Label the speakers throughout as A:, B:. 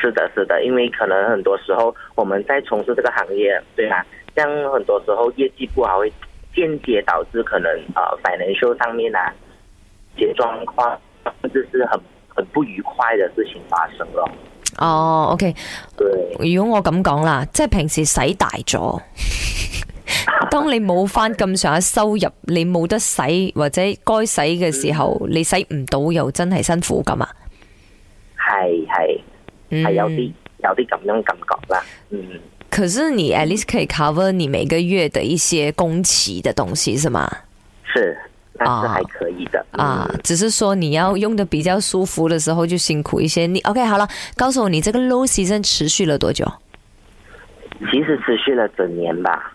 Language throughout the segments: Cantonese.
A: 是的，是的，因為可能很多時候我們在從事這個行業，對啊，像很多時候業績不好，會間接導致可能啊，百年秀上面啊，結狀況，就是很很不愉快的事情發生了。
B: 哦、oh，OK，對，如果我咁講啦，即係平時使大咗， 當你冇返咁上下收入，你冇得使或者該使嘅時候，嗯、你使唔到又真係辛苦噶嘛？
A: 係係。還有啲有啲咁樣感覺啦，
B: 嗯。可是你 at least 可以 cover 你每個月的一些工期的東西，是嗎？是，那是還可以的，oh, 嗯。啊，只是說你要用得比較舒服的時候就辛苦一些。你 OK，好了，告訴我你這個 low season 持續了多久？
A: 其實持續了整年吧。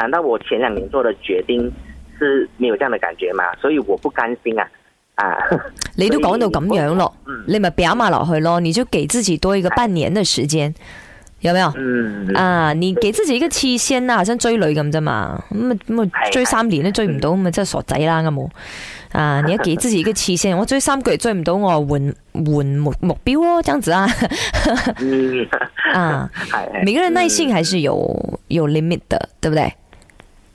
A: 難道我前兩年做的決定是沒有這樣的感覺嘛？所以我不甘心啊！啊，
B: 哦、你都講到咁樣咯、嗯，你咪表埋落去咯，你就給自己多一個半年的時間、嗯，有沒有？嗯，啊，你給自己一個期限啊，嗯、像追女咁啫嘛，咁、哎、咪追三年都追唔到，咁咪真係傻仔啦，啱、哎、冇？啊，你要給自己一個期限、哎，我追三個月追唔到我，我換換目目標咯，這樣子啊， 嗯，啊，
A: 哎、每個人耐
B: 性還是有、哎、有 limit 的，對不對？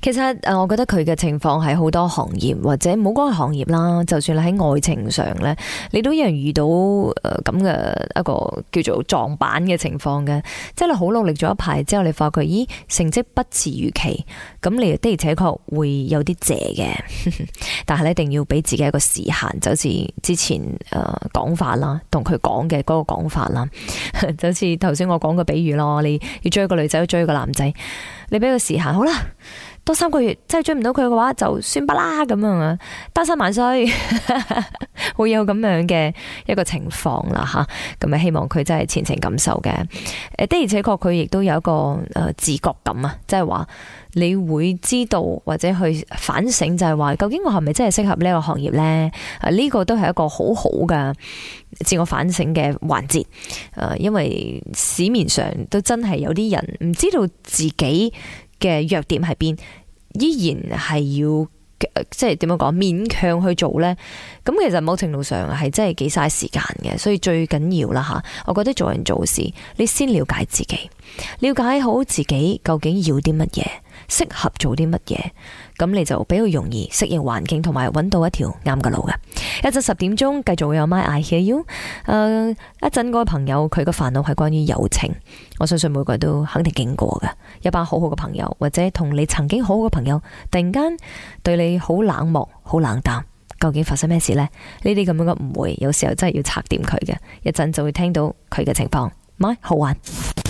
B: 其實誒，我覺得佢嘅情況係好多行業或者冇嗰個行業啦，就算你喺愛情上呢，你都一樣遇到誒咁嘅一個叫做撞板嘅情況嘅。即係你好努力咗一排之後，你發覺咦成績不似預期，咁你的而且確會有啲謝嘅。但係咧一定要俾自己一個時限，就好似之前誒講、呃、法啦，同佢講嘅嗰個講法啦，就好似頭先我講嘅比喻咯，你要追個女仔，追個男仔。你俾個時限，好啦。多三個月，真係追唔到佢嘅話，就算不啦咁樣，單身萬歲，會有咁樣嘅一個情況啦吓。咁咪希望佢真係前程錦繡嘅。的而且確佢亦都有一個誒自覺感啊，即係話你會知道或者去反省就是說，就係話究竟我係咪真係適合呢個行業呢？啊，呢個都係一個很好好嘅自我反省嘅環節。啊，因為市面上都真係有啲人唔知道自己。嘅弱點喺邊，依然係要即係點樣講，勉強去做呢。咁其實某程度上係真係幾嘥時間嘅，所以最緊要啦吓。我覺得做人做事，你先了解自己，了解好自己究竟要啲乜嘢。適合做啲乜嘢，咁你就比較容易適應環境同埋揾到一條啱嘅路嘅。一陣十點鐘繼續會有 My I Hear You、呃。誒，一陣嗰個朋友佢個煩惱係關於友情，我相信每個人都肯定經過嘅。一班好好嘅朋友或者同你曾經好好嘅朋友，突然間對你好冷漠，好冷淡，究竟發生咩事呢？呢啲咁樣嘅誤會，有時候真係要拆掂佢嘅。一陣就會聽到佢嘅情況。My 好玩。